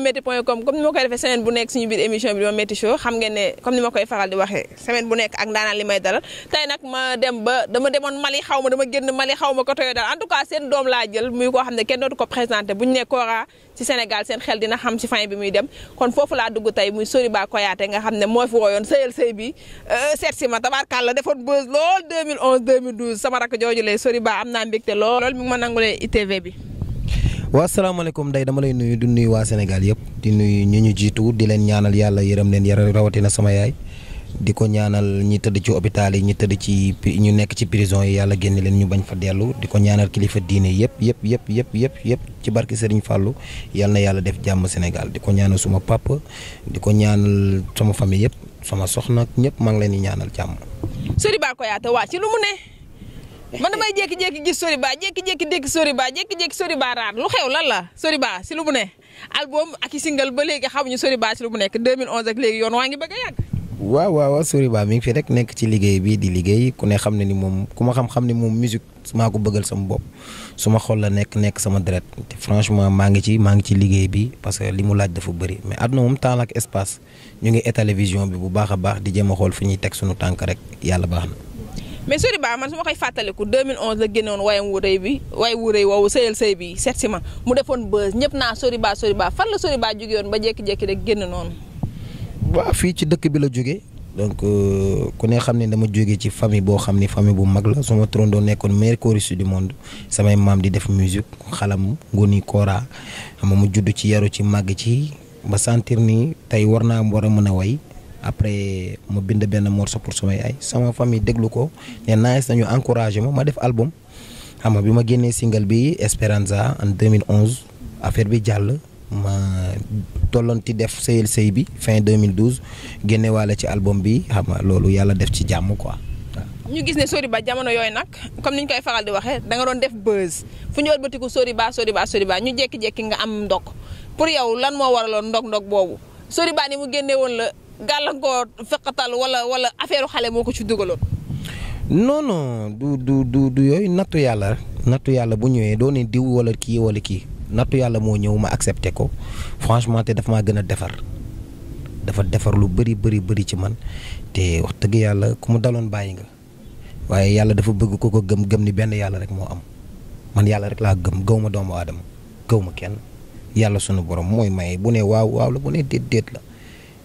limametti point com comme ni ma koy defee semaine bu nekk suñu biir émission bi limametti show xam ngeen ne comme ni ma koy faral di waxee semaine bu nekk ak ndaanaan li may dalal tey nag ma dem ba dama demoon Mali xaw ma dama génn Mali xaw ma ko toyo daal en tout cas seen doom laa jël muy koo xam ne kenn dootu ko présenté buñu ne Kora ci Sénégal seen xel dina xam ci fin bi muy dem kon foofu laa dugg tey muy Soriba Koyaté nga xam ne moo fi wooyoon sëyal sëy bi euh, seet si sama rakk jooju lay Soriba am naa mbégte lool lool mi ngi ma waaw asalaamaaleykum day dama lay nuyu di waa Sénégal yëpp di nuyu ñu ñu jiitu di leen ñaanal yàlla yërëm leen yara rawatina sama yaay di ko ñaanal ñi tëdd ci hôpital yi ñi tëdd ci ñu nekk ci prison yi yàlla génne leen ñu bañ fa dellu di ko ñaanal kilifa diine yëpp yëpp yëpp yëpp yëpp yëpp ci barki Serigne Fallou yàlla na yàlla def jàmm Sénégal di ko ñaanal suma pàpp di ko ñaanal sama famille yëpp sama soxna ñëpp maa ngi leen di ñaanal jàmm. Soriba Koyaate waa ci lu mu ne. man damay jékki-jékki gis Soriba jékki-jékki dégg Soriba jékki-jékki Soriba raar lu xew lan la Soriba si lu mu ne album ak i single ba léegi xamuñu Soriba si lu mu nekk 2011 ak léegi yoon waa ngi bëgg a yàgg. waaw waaw Soriba mi ngi fi rek nekk ci liggéey bi di liggéey ku ne xam ne ni moom ku ma xam-xam ne moom musique maa ko bëggal sama bopp su ma xol la nekk nekk sama deret te franchement maa ngi ci maa ngi ci liggéey bi parce que li mu laaj dafa bëri mais àdduna moom temps ak espace ñu ngi télévision bi bu baax a baax di xool fu ñuy teg suñu tànk rek yàlla baax na mais Soriba man su ma koy fàttaliku 2011 la génnoon wayam wu rëy bi way wu rëy woowu sëyal sëy bi seet si ma mu defoon buzz ñëpp naa Soriba Soriba fan la Soriba jóge woon ba jékki-jékki rek génn noonu. waaw fii ci dëkk bi la jóge donc euh, ku ne xam ne dama jóge ci famille boo xam ni famille bu mag la suma turandoo nekkoon meilleur choriste du monde samay maam di def musique xalam ngoni kora ma mu judd ci yaru ci màgg ci ba sentir nii tey war naa war a mën a way. après ma bind benn morceau pour sama yaay sama famille déglu ko ne nice nañu encouragé ma ma def album xam ma bi ma génnee single bi Esperanza en 2011 affaire bi jàll ma tolloon ci def sëyal sëy bi fin 2012 génnewaale ci album bi xam nga loolu yàlla def ci jàmm quoi. ñu gis ne Soriba jamono yooyu nag comme niñ koy faral di waxee da nga doon def buzz fu ñu ëlbatiku Soriba Soriba Soriba ñu jékki-jékki nga am ndog pour yow lan moo waraloon ndog-ndog boobu Soriba ni mu génne gàllankoor feqatal wala wala affaire xale moo ko ci dugaloon. non non du du du yooyu nattu yàlla nattu yàlla bu ñëwee doo ne diw wala kii wala kii nattu yàlla moo ñëw ma accepté ko franchement te dafa maa gën a defar dafa defar lu bëri bëri bëri ci man te wax dëgg yàlla ku mu daloon bàyyi nga waaye yàlla dafa bëgg ko ko gëm gëm ni benn yàlla rek moo am man yàlla rek laa gëm gëw ma doomu aadama gëw ma kenn yàlla sunu borom mooy may bu ne waaw waaw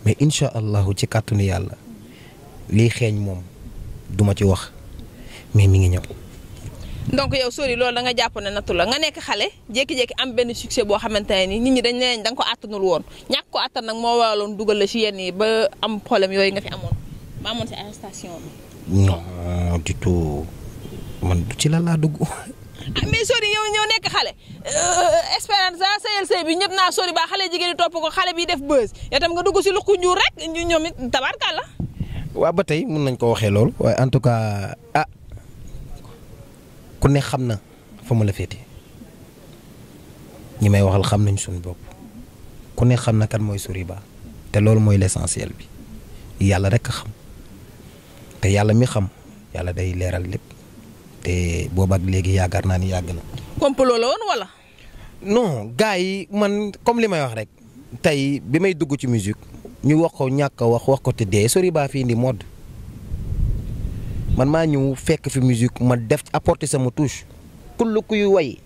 mais incha allahu ci kàttanu yàlla liy xeeñ moom duma ci wax mais mi ngi ñëw. donc yow sori loolu danga nga jàpp ne nattu la nga nekk xale jékki-jékki am benn succès boo xamante ne ni nit ñi dañ ne ko àttanul woon ñàkk ko àttan nag moo waraloon dugal la ci yenn yi ba am problème yooyu nga fi amoon ba amoon ci arrestation bi. non du tout man ci lan laa dugg. Ah, mais sori yow ñëw nekk xale euh, Espéranza sayal say bi ñëpp naa sori ba xale jigéen di topp ko xale bi def bës yow tam nga dugg si luqu njuur rek ñoom it tabarkàlla. waaw ba tey mun nañ ko waxee loolu waaye en tout cas ah ku ne xam na fa ma la féete ñu may waxal xam nañ suñu bopp ku ne xam na kat mooy sori ba te loolu mooy l'essentiel bi yàlla rek a xam te yàlla mi xam yàlla day leeral lépp. te boobaak léegi yaakaar naa ni yàgg na. complot la woon wala. non gars yi man comme li may wax rek tey bi may dugg ci musique ñu wax ko ñàkk wax wax ko te dee sori baa fi indi mode man maa ñëw fekk fi musique ma def apporter sama touche kullu kuy way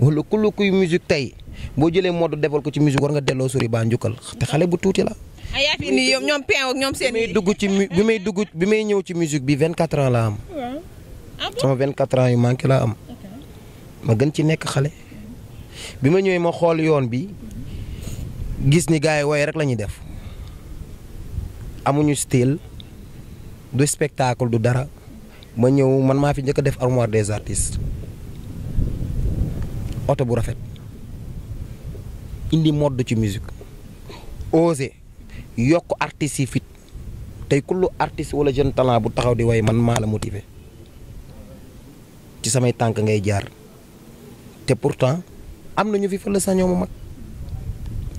wala kullu kuy musique tey boo jëlee mode defal ko ci musique war nga delloo sori baa njukkal te xale bu tuuti la. ah yaa ñoom ñoom Pin ñoom seen. bi dugg ci bi may dugg bi may ñëw ci musique bi 24 ans la am. sama 24 ans yu manqué laa am ma gën ci nekk xale bi ma ma yoon bi gis ni gars yi rek la def amuñu style du spectacle du dara ma ñëw man ma fi njëkk def armoire des artistes oto bu rafet indi mode ci musique osé yokk artistes yi fit tey kullu artiste wala jeune talent bu taxaw di way man maa la motiver samay tànk ngay jaar te pourtant am na ñu fi fële sañoo ma mag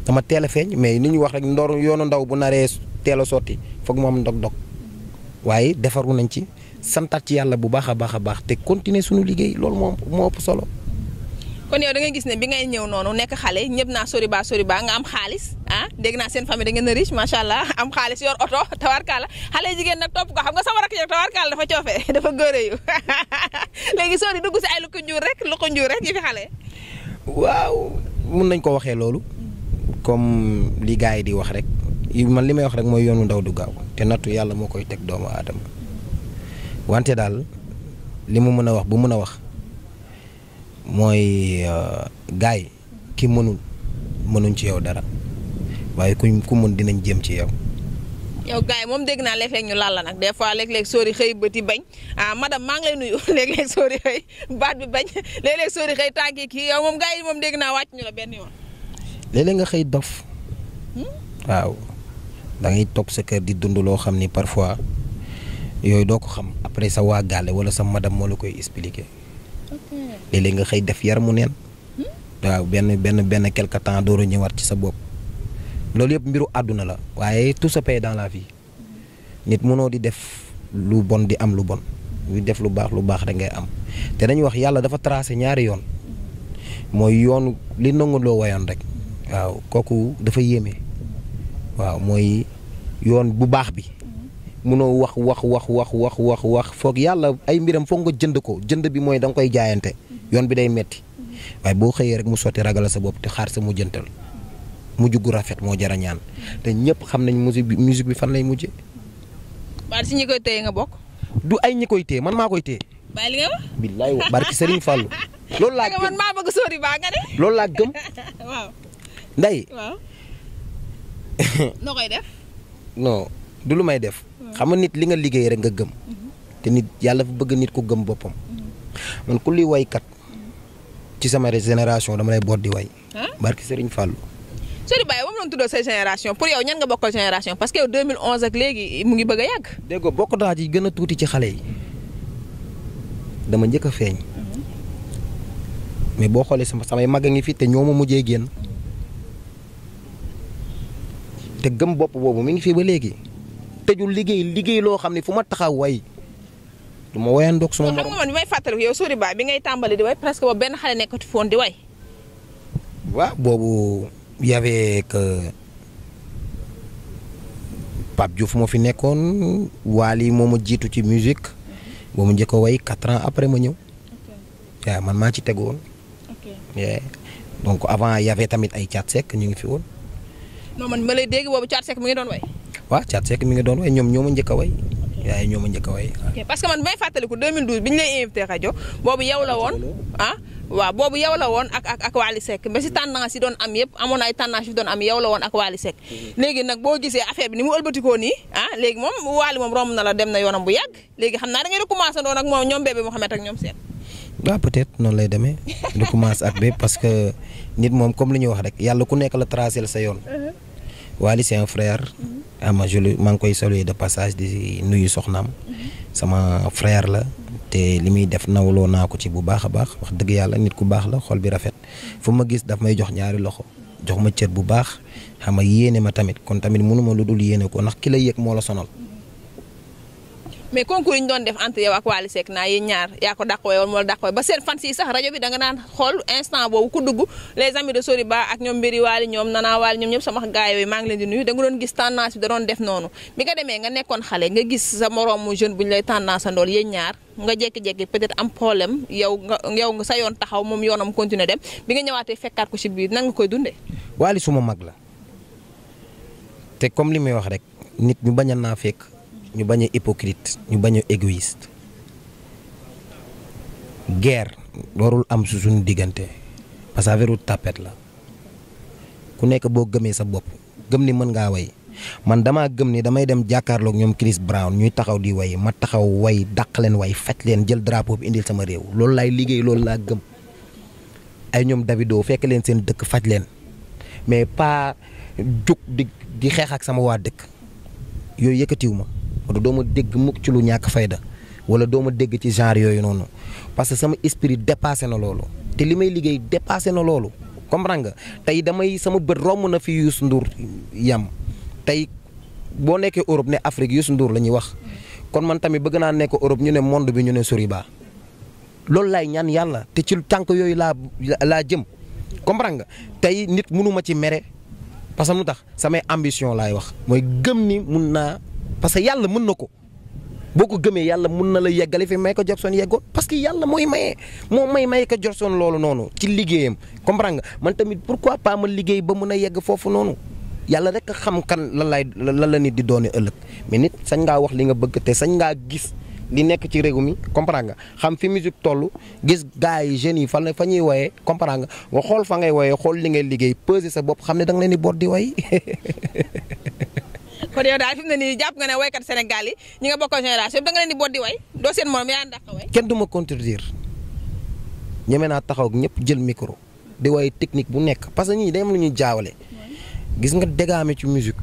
dama teel a feeñ mais ni ñu wax rek ndoor yoonu ndaw bu naree teel a sotti foog moom ndog-ndog waaye defaru nañ ci santaat ci yàlla bu baax a baax a baax te continuer suñu liggéey loolu moo moo ëpp solo. kon yow da ngay gis ne bi ngay ñëw noonu nekk xale ñëpp naa sori ba sori baa nga am xaalis ah dégg naa seen famille da ngeen a riche macha allah am xaalis yor oto tawarkaala xale jigéen nag topp ko xam nga sama rakk yeeg tawarkaala dafa coofee dafa góore yu léegi sori dugg si ay lu ko njuur rek lu ko njuur rek yi fi xale. waaw mun nañ ko waxee loolu comme li gars yi di wax rek man li may wax rek mooy yoonu ndaw du gaaw te nattu yàlla moo koy teg doomu aadama wante daal li mu mën a wax bu mën a wax. mooy euh, gars yi ki mënul mënuñ ci yow dara waaye kuñ ku mën dinañ jëm ci yow. yow gars yi moom dégg naa léeg-léeg ñu laal la nag des fois léeg-léeg sóori xëy bët yi bañ ah madame maa ngi lay nuyu léeg-léeg sóori xëy baat bi bañ léeg-léeg sóori xëy tànki kii yow moom gars yi moom dégg naa wàcc ñu la benn yoon. léeg-léeg nga xëy dof. Hmm? waaw da ngay toog sa kër di dund loo xam ni parfois yooyu doo ko xam après sa waa gaale wala sa madame moo la koy expliquer. léeg nga xey def mu nen hmm? waaw ben ben ben quelque temps door a ñëwaat ci sa bop lool yëpp mbiru aduna la waaye tout se paye dans la vie nit mëno di def lu bon di am lu bon wi def lu bax lu bax da ngay am te dañ wax yalla dafa tracer ñaari yoon moy yoon li nangu lo wayon rek waaw koku dafa yéeme waaw moy yoon bu bax bi munoo wax wax wax wax wax wax wax foog yàlla ay mbiram foog nga jënd ko jënd bi mooy danga koy jaayante yoon bi day metti waaye boo xëyee rek mu sotti ragal sa bopp te xaar sa mujjantal mujj gu rafet moo jar a ñaan te ñëpp xam nañ musique bi musique bi fan lay mujjee. waaw si ñi koy téye nga bokk. du ay ñi koy téye man maa koy téye. bàyyi li nga loolu laa gëm man loolu laa gëm. nday waaw. noo du lu may def. xam nga nit li nga liggéey rek nga gëm te nit yàlla fa bëgg nit ku gëm boppam man ku luy waykat ci sama génération dama lay boot di way barki Serigne Fallou Sori Baye moom doon tuddoo sa génération pour yow ñan nga bokkal génération parce que yow 2011 ak léegi mu ngi bëgg a yàgg. dégg nga bokk gën a tuuti ci xale yi dama njëkk a feeñ mais boo xoolee sama samay mag a ngi fii te ñoo ma mujjee génn te gëm bopp boobu mi ngi fii ba léegi. tëjul liggéey liggey loo xam ne fu taxaw way duma ma wayandoog suma mom man may fatale yow Sori Ba bi ngay tambali di way presque bo ben xale nekati foon di way. wa bobu y avait que pap Diouf mo fi nekkone wali momu jitu ci musique boo ma njëkk way 4 ans après ma ñëw. ya man ma ci teggoon ok woon. donc avant y avait tamit ay chat sec ñu ngi fi woon. non man malay lay dégg boobu Thiat Seck mu ngi don way. Wah, chat sek mi nga don way ñom ñoma ñëk way yaay ñoma ñëk way parce que man fatali ko 2012 biñ lay invité radio bobu yaw la won ah wa bobu yaw la won ak ak ak Wally ba si tendance yi don am yëpp amon ay tendance yi don am yaw la won ak wali sek mhm. léegi nag bo gisee affaire bi ni mu ëlbatikoo ni ah legi mom, wali mom rom na la dem na yonam bu yag léegi xamna da ngay recommencer doon ak mom ñom bébé mohammed ak ñom Seck ba peut-être non lay démé recommencer ak bébé parce que nit mom comme li ñu wax rek yalla ku nekk la tracer sa yoon mhm. Wally c'est un frère ama ah, juli maa ngi koy saluer de passage di nuyu soxnaam sama frère la te li muy def nawloo naa ko ci bu baax a baax wax dëgg yàlla nit ku baax la xol bi rafet fu ma gis daf may jox ñaari loxo jox ma cër bu baax xam nga yéene ma tamit kon tamit mënuma lu dul yéene ko ndax ki yëg moo la sonal mais concours yi ñu doon def entre yow ak Wally naa yéen ñaar yaa ko dàqoo woon moo la dàqoo ba seen fans yi sax rajo bi da nga naan xool instant boobu ku dugg les amis de Soriba ak ñoom mbiri Wally ñoom Nana Wally ñoom ñëpp sama gaay yooyu maa ngi leen nga doon gis tendance bi da doon def noonu sa yoon taxaw moom yoonam continuer dem bi nga ñëwaatee fekkaat ko ci biir nan nga koy dundee Wally mag la te comme li may wax rek nit ñu bañ a naa fekk ñu bañ a hypocrite ñu bañ a égoïste guerre warul am su suñu diggante parce que affaire tapet la ku nekk boo gëmee sa bopp gëm ni mën ngaa way man damaa gëm ni damay dem jàkkaarloog ñoom Chris Brown ñuy taxaw di way ma taxaw way daq leen way faj leen jël drapeau bi indil sama réew loolu laay liggéey loolu laa gëm ay ñoom Davido fekk leen seen dëkk faj leen mais pas jóg di xeex ak sama waa dëkk yooyu yëkkatiw ma. wala doo deg dégg mukk ci lu ñàkk fayda wala doo ma dégg ci genre yooyu noonu parce que sama esprit dépassé na loolu te li may liggéey dépassé na loolu comprendre nga damay sama na fi Youssou Ndour yam tey boo nekkee Europe ne Afrique Youssou Ndour la ñuy wax kon man tamit bëgg naa nekk Europe ñu ne monde bi ñu ne Soriba loolu laay ñaan yàlla te ci tànk yooyu laa laa jëm comprendre nga nit mënu ma ci mere parce que lu tax samay ambition laay wax mooy gëm ni parce que yàlla mën na ko boo ko gëmee yàlla mën na la yeggale fi ko Michael Jackson yeggoon parce que yàlla mooy maye moo may may Michael Jackson loolu noonu ci liggéeyam comprendre nga man tamit pourquoi pas ma liggéey ba mën a yegg foofu noonu yàlla rek xam kan lan lay lan la nit di doone ëllëg mais nit sañ ngaa wax li nga bëgg te sañ ngaa gis li nekk ci réew mi comprendre nga xam fi musique toll gis gars yi jeunes yi fan la fa ñuy wooyee comprendre nga xool fa ngay wooyee xool li ngay liggéey peser sa bopp xam ne da leen di boot di way kon yow daal fi mu ne nii jàpp nga ne waykat Sénégal yi ñi nga bokkoon génération bi da nga leen di boot di way doo seen morom yaa ndax way kenn du ma ñeme naa taxaw ñëpp jël micro di way technique bu nekk parce que ñii day am lu ñuy gis nga dégaame ci musique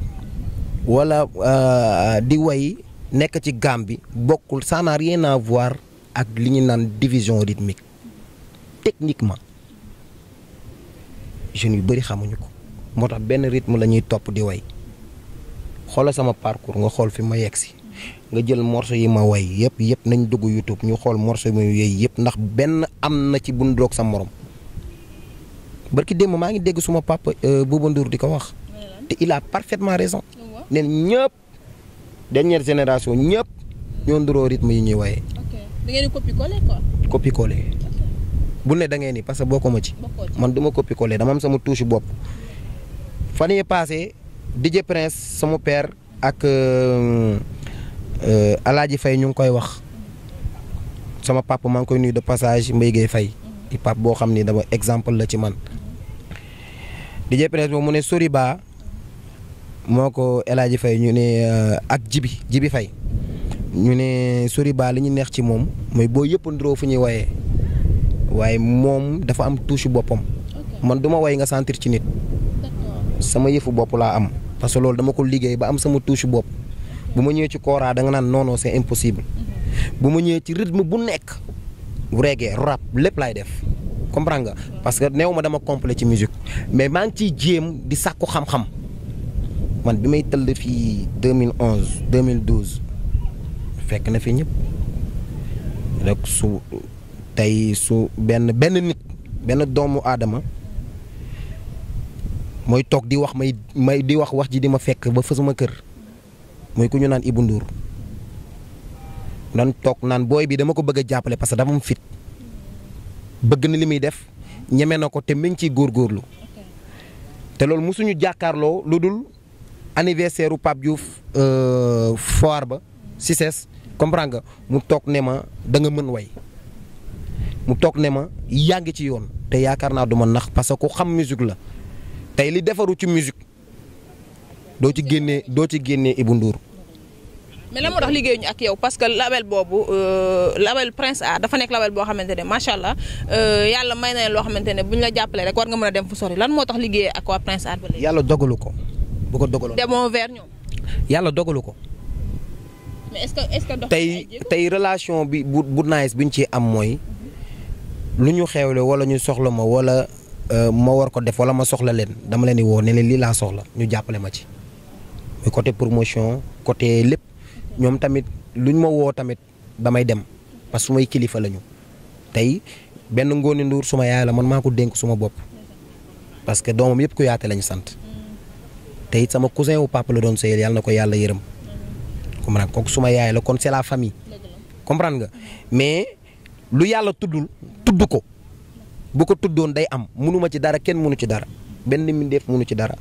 wala euh, di way nekk ci gaam bi bokkul ça n'a rien voir ak li ñu naan division rythmique techniquement jeunes yu bëri xamuñu ko moo tax benn rythme la ñuy topp di woy xoolal sama parcours nga xool fi ma yegg si nga jël morceau yi ma way yëpp yëpp nañ dugg YouTube ñu xool morceau yi yooyu yëpp ndax benn am na ci bu nduroog sa morom barki démb maa ngi dégg suma papa euh, Bouba Ndour di ko wax te il a parfaitement raison ne ñëpp dernière génération ñëpp ñoo nduroo rythme yi ñuy waye da ngeen bu ne da ngeen ni parce ko ma ci. man du ma copier coller dama am sama touche bopp fan yii passé di Prince sama père ak euh, Alaaji Faye ñu ngi koy wax sama papa maa ngi koy nuyu de passage Mbaye Gueye fay di pap boo xam ni dama exemple la ci man DJ Prince boobu mu ne Soriba moo ko Alaaji Faye ñu ne euh, ak Jibi Jibi fay ñu ne Soriba li ñu neex ci moom mooy boo yëpp ndroo fu ñuy woyee waaye moom dafa am touche boppam man du woy nga sentir ci nit sama yëfu bopp laa am parce que loolu dama ko liggéey ba am sama touche bopp bu ma ñëwee ci kooraa da nga naan non non c'est impossible bu ma ñëwee ci rythme bu nekk reggae rab lépp laay def comprendre nga parce que néew ma dama complet ci musique mais maa ngi ciy jéem di sàkku xam-xam man bi may tëll fii 2011 2012 fekk na fi ñëpp rek su tey su benn benn nit benn doomu aadama moy tok di wax may may di wax wax ji di ma fekk ba fa sama kër mooy ku ñu naan Ibou Ndour nan tok nan boy bi dama ko bëgg jappalé parce que dafa fit bëgg na limi def ñëmé nako té te mi ngi ciy góorgóorlu te loolu mosuñu jàkkaarloo lu dul anniversaire u Pape Diouf euh, ba success comprends nga mu tok ne ma da nga mën way mu tok ne ma ci yoon té nax parce que ku xam musique la. tay li defaru ci musique do ci génnee do ci génnee Ibou Ndour. mais lan moo tax liggéeyuñu ak yow parce que label bobu euh label Prince A dafa nek label bo xamante machallah euh yalla yàlla may na loo xamante buñ la jappalé rek war nga mëna dem fu sori lan motax tax ak waa Prince A ba léegi. yalla dogalu ko bu ko dogaloon. demo vers ñom yalla dogalu ko. mais est-ce que est-ce que tey tey relation bi bu nice buñ ci am moy luñu xewlé wala ñu soxla ma wala Euh, ma war ko def wala ma soxla leen dama leen di woo ne leen lii laa soxla ñu jàppale ma ci mais côté promotion côté lépp ñoom tamit lu luñ ma woo tamit damay dem parce que may kilifa lañu tey benn Ngoné nduur suma yaay la man maa ko dénk suma bopp parce que doomam yëpp ku yaate lañ sant te it sama cousin wu papa la doon sëyal yàlla na ko yàlla yërëm comprendre kooku suma yaay la kon c'est la famille comprendre nga mais lu yàlla tuddul tudd ko bu ko tuddoon day am mënuma ci dara kenn munu ci dara benn mbindeef mënu ci dara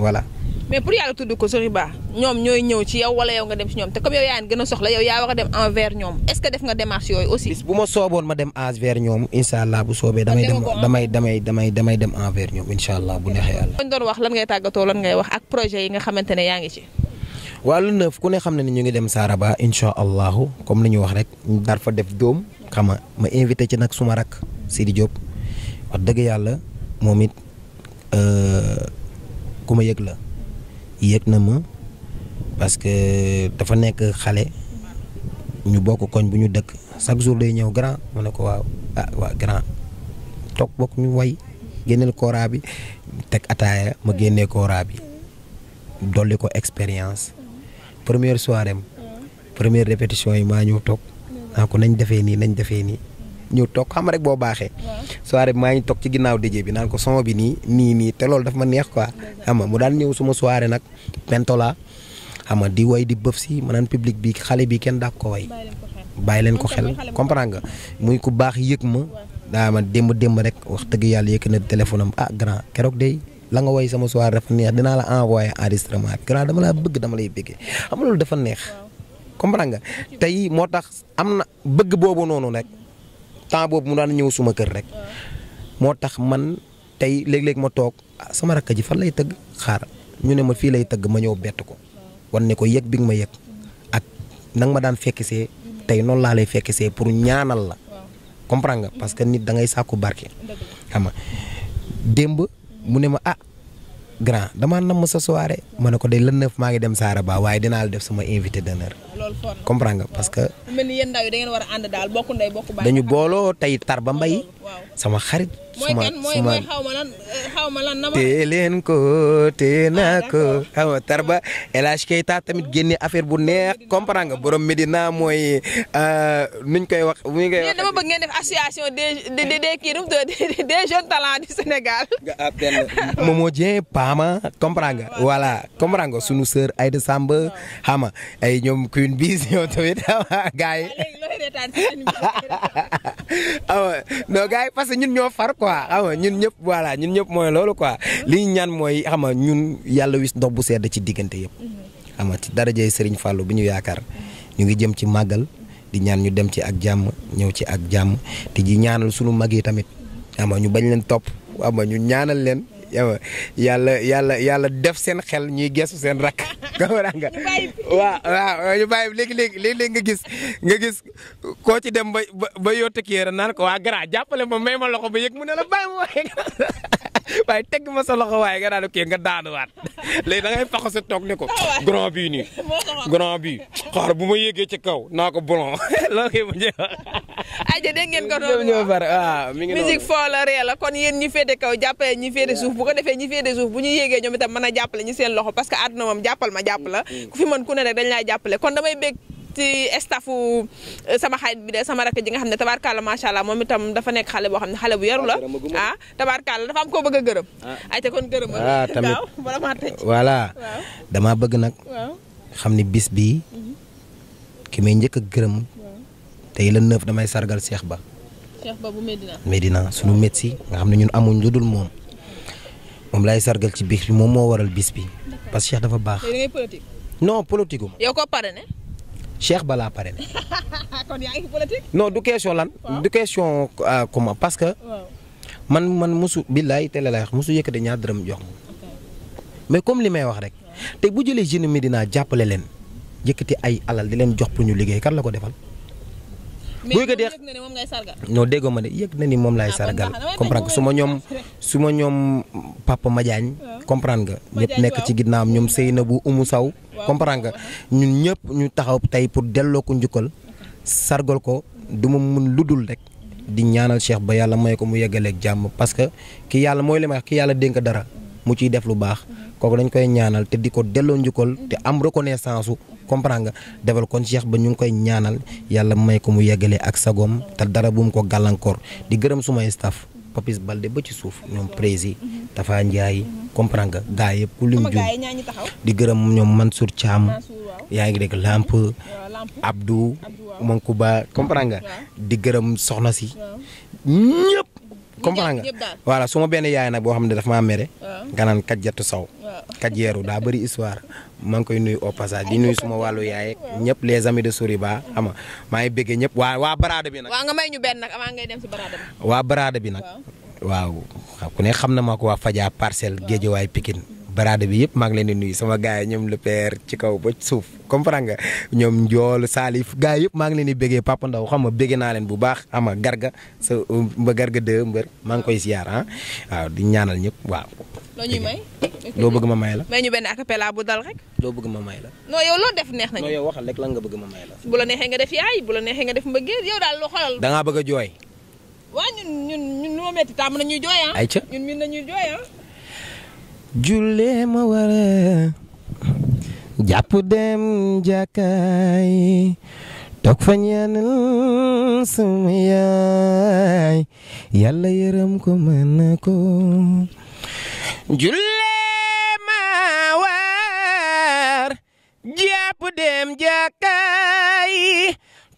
voilà. mais pour yàlla tudd ko Soriba ñoom ñooy ñëw ci yow wala yow nga dem ci ñoom te comme yow yaa a soxla yow yaa war a dem envers ñoom est-ce que def nga démarche yooyu aussi. bis bu ma sooboon ma dem envers ñoom incha bu soobee. damay dem damay damay damay damay dem envers ñoom incha allah bu neexee yàlla. kon doon wax lan ngay tàggatoo lan ngay wax ak projet yi nga ne yaa ngi ci. waaw lu neuf ku ne xam na ni ñu ngi dem Saraba incha allahu comme ni ñu wax rek dar fa def doom xam ma invité ci nag suma rak di Diop wax dëgg yàlla moom it euh, ku ma yëg la yëg na ma parce que dafa nekk xale ñu bokk koñ bu ñu dëkk chaque jour day ñëw grand mu ne ko waaw ah grand toog bokk ñu way génneel kooraa teg ataaya ma génnee kooraa bi dolli ko expérience première soirée am première répétition yi maa ñëw toog naa ko nañ defee nii nañ defee nii ñëw toog xam rek boo baaxee. soirée bi maa ngi toog ci ginnaaw DJ bi naan ko son bi nii nii nii te loolu dafa ma neex quoi. xam mu daan ñëw suma soirée nag pentola xam nga di way di bëf si ma naan public bi xale bi kenn daa ko way. bàyyi leen ko xel comprendre nga muy ku baax yëg ma daa ma démb démb rek wax dëgg yàlla yëkk na téléphone am ah, keroog day la nga woy sama soirée dafa neex dinaa la envoyé enregistrement bi grand dama bëgg dama lay bëggee xam dafa neex comprendre tey moo tax am na bëgg boobu noonu rek temps boobu mu daan ñëw suma kër rek moo tax man tey léeg-léeg ma toog ah, sama rakk ji fan lay tëgg xaar ñu ne ma fii lay tëgg ma ñëw bett ko wan ne ko yëg bi nga ma yëg ak nang ma daan fekk see tey noonu laa lay fekk see pour ñaanal la comprendre nga parce que nit da ngay sàkku barke xam démb mu ne ma ah grand damaa namm sa soirée ma ne ko day le neuf maa ngi dem Saaraba waaye dinaa la def sama invité d'honneur. comprend nga parce que. mel ni yéen ndaw yi da ngeen war a ànd daal bokk ndey bokk baay dañu booloo tey tar ba mbay sama xarit. suma suma teeleen ko tee ah, naa ko xaw ma tarba El Hadj Keita tamit génne affaire bu neex comprendre nga borom Medina mooy euh, nuñ koy wax. nuñ koy wax dama bëgg ngeen def association des des kii nu des jeunes talents du Sénégal. nga ah benn Momo Dieng Paama comprendre nga ah, voilà comprendre nga sunu sœur Aïda Samba ah, xama ay ñoom Queen Biz ñoo tamit gars yi. seetaan seen non gars yi parce que ñun ñoo far quoi xam ñun ñëpp voilà ñun ñëpp mooy loolu quoi mm-hmm. li ñu ñaan mooy xam nga ñun yàlla wis ndox bu sedd ci diggante yëpp. Mm-hmm. xam nga ci darajay Serigne Fallou bi ñu yaakaar mm-hmm. ñu ngi jëm ci màggal di ñaan ñu dem ci ak jàmm ñëw ci ak jàmm te ji ñaanal sunu mag yi tamit xam ñu bañ leen topp xam ñu ñaanal leen. yow yàlla yàlla yàlla def seen xel ñuy gesu seen rakk comprendre nga waaw waaw ñu bàyyi léegi léegi léegi nga gis nga gis koo ci dem ba ba yotta ki yéra naan ko waa gara jàppale ma may ma loxo ba yëg mu ne la bàyyi ma waaye waaye ma sa loxo waaye nga daan nga daanuwaat léegi da ngay sa toog ne ko ah, grand bii nii bu ma yéegee ci kaw naa ko bolon loo koy mujjee wax aja ko doon ñoo ah. la kon yéen ñi féete kaw jàppale ñi féete suuf bu ko defee ñi fee de suuf bu ñu yéegee ñoom itam mën a jàppale ñu seen loxo parce que àdduna moom jàppal ma jàpp la mm. ku fi mën ku ne rek kon damay bég ci staffu euh, sama xarit bi de sama rakk ji nga xam ne tabaarkàlla macha allah itam dafa nekk xale boo xam bu yaru la ah, ah tabaarkàlla dafa am koo gërëm. Ah. kon gërëm. ah tamit bala maa voilà damaa bëgg nag. xam ni bis bi mm-hmm. ki may njëkk a gërëm. tey la neuf damay sargal seex Ba. Cheikh Ba bu Medina. sunu médecin nga xam ne ñun amuñ lu dul moom. moom laay sargal ci bis bi moom moo waral bis bi parce que Cheikh baax. léegi da ngay politique. non pare ne. Cheikh balaa pare ne. kon du question lan. du question comment euh, parce que. man man mosu billaay télé la wax mosu yëkkati ñaar dërëm jox mais comme li may wax rek. te bu jëlee jeune dinaa jàppale leen yëkkati ay alal di leen jox pour ñu liggéey kan la ko defal. guy ga deex non déggoo ma de yëg na ni moom laay ah, sargal comprendre nga su ma ñoom su ma ñoom papa Madiagne ah. comprendre nga nekk ci ginnaawam ñoom Seynabou Oumou Sow comprendre nga ñun ñëpp ñu taxaw tey pour delloo ko njukkal sargal ko du ma mun dul rek di ñaanal Cheikh ba yàlla may ko mu yeggaleek jàmm parce que ki yàlla mooy li may wax ki yàlla dénk dara mu ciy def lu baax kooku dañ koy ñaanal te di ko delloo njukkal te am reconnaissance su comprendre nga defal kon Cheikh ba ñu ngi koy ñaanal yàlla may ko mu yeggalee ak sagoom te dara bu ko gàllankoor di gërëm suma staff popis Balde ba ci suuf ñoom prési dafa Ndiaye comprendre nga gaa yëpp ku lim ju di gërëm ñoom Mansour Thiam yaa ngi dégg Lamp Abdou Mankuba comprendre nga di gërëm soxna si ñëpp comprendre nga voilà su ma benn yaay nag boo xam ne dafa ma mere. nga naan kat jattu saw. kat yeeru daa bëri histoire maa ngi koy nuyu au passage di nuyu suma wàllu yaay ñëpp les de sori baa nga maa ngi bëggee ñëpp waa waa baraada bi nag. waaw nga may ñu benn nag avant waa baraada bi nag. waaw ku ne xam ne ma ko waa Fadia parcelle Géejawaay pikin baraade bi yëpp maa ngi leen di nuyu sama gars yi ñoom le père ci kaw ba suuf comprendre nga ñoom njool Salif gars yëpp maa ngi leen di béggee Papa Ndaw xam ma béggee naa leen bu baax xam nga garga sa mba garga de mbër maa ngi koy siyaar ah. di ñaanal ñëpp waaw. loo bëgg ma may la. may ñu benn acapella bu dal rek. loo bëgg ma may la. non yow loo def neex nañu. non yow waxal rek lan nga bëgg ma may la. bu la neexee nga def yaay bu la neexee nga def mbëggeel yow daal loo xoolal. da bëgg a jooy. waa ñun ñun lu ma métti tàmm nañuy jooy ah. jullee ma wara jàpp dem jàkkaay toog fa ñaanal sama yaay yàlla yërëm ko mën na ko jullee ma war jàpp dem jàkkaay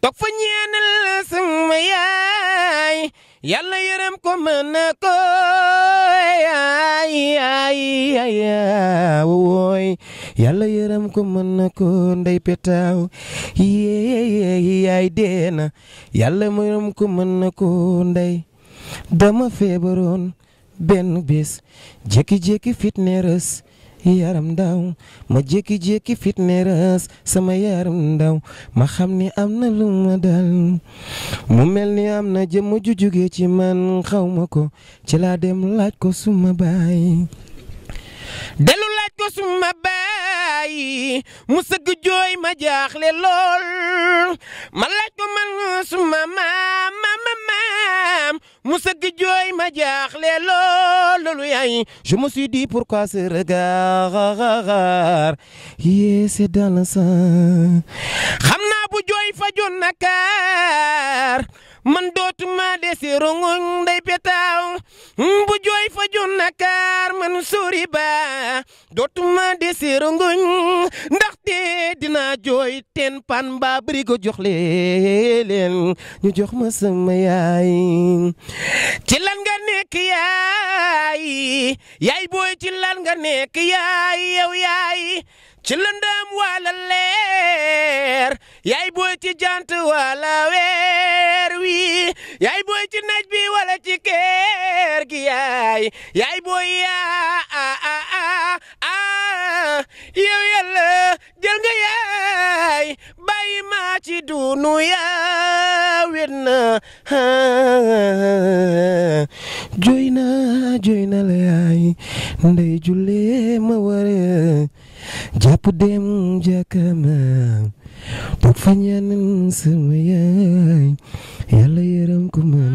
toog fa ñaanal sama yaay yàlla yërëm ko mën na ko wooy yàlla yërëm ko mën na ko ndey petaaw yee yaay dee na yàlla yërëm ko mën na ko ndey dama feebaroon benn bés jékki-jékki fitne rës yaram ndaw ma jékki-jékki fitne ras sama yaram ndaw ma xam ni am na lu dal mu mel ni am na jëmm ju jóge ci man xawma ko ci la dem laaj ko suma baay delu laaj ko suma baay mu sëgg jooy ma jaaxle lool ma laaj ko man suma maam am mu sëgg jooy ma jaaxle loolu yaay je me suis dit pourquoi yee c'est dans xam naa bu jooy fajoon na kaar man dootuma dese rongoñ day petaaw bu jooy fajoon na kaar man sori ba dootuma dese rongoñ ndax naa jooy teen pan mbaa bërigo jox leen ñu jox ma sama ci lan nga nekk yaay yaay booy ci lan nga nekk yaay yow yaay ci lëndëm wala leer yaay booy ci jant wala weer wi yaay booy ci naaj bi wala ci kër gi yaay yaay booy yaa ah ah ah yow yàlla jël nga yaay bàyyi maa ci dunu yaa wét jooy na jooy na la yaay ndey julle ma wara jàpp dem jàkkama toog fa ñaan sama yaay yàlla yërëm ko mën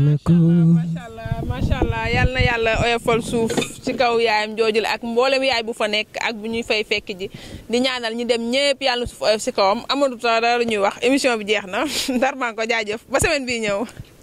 macha allah yal na yàlla oyofal suuf ci kaw yaayam joojul ak mboolem yaay bu fa nekk ak bu ñuy fay fekk ji di ñaanal ñu dem ñëpp yàlla na suuf oyof ci kawam Amadou Talla ñuy wax émission bi jeex na ndar maa ngi ko jaajëf ba semaine biy ñëw.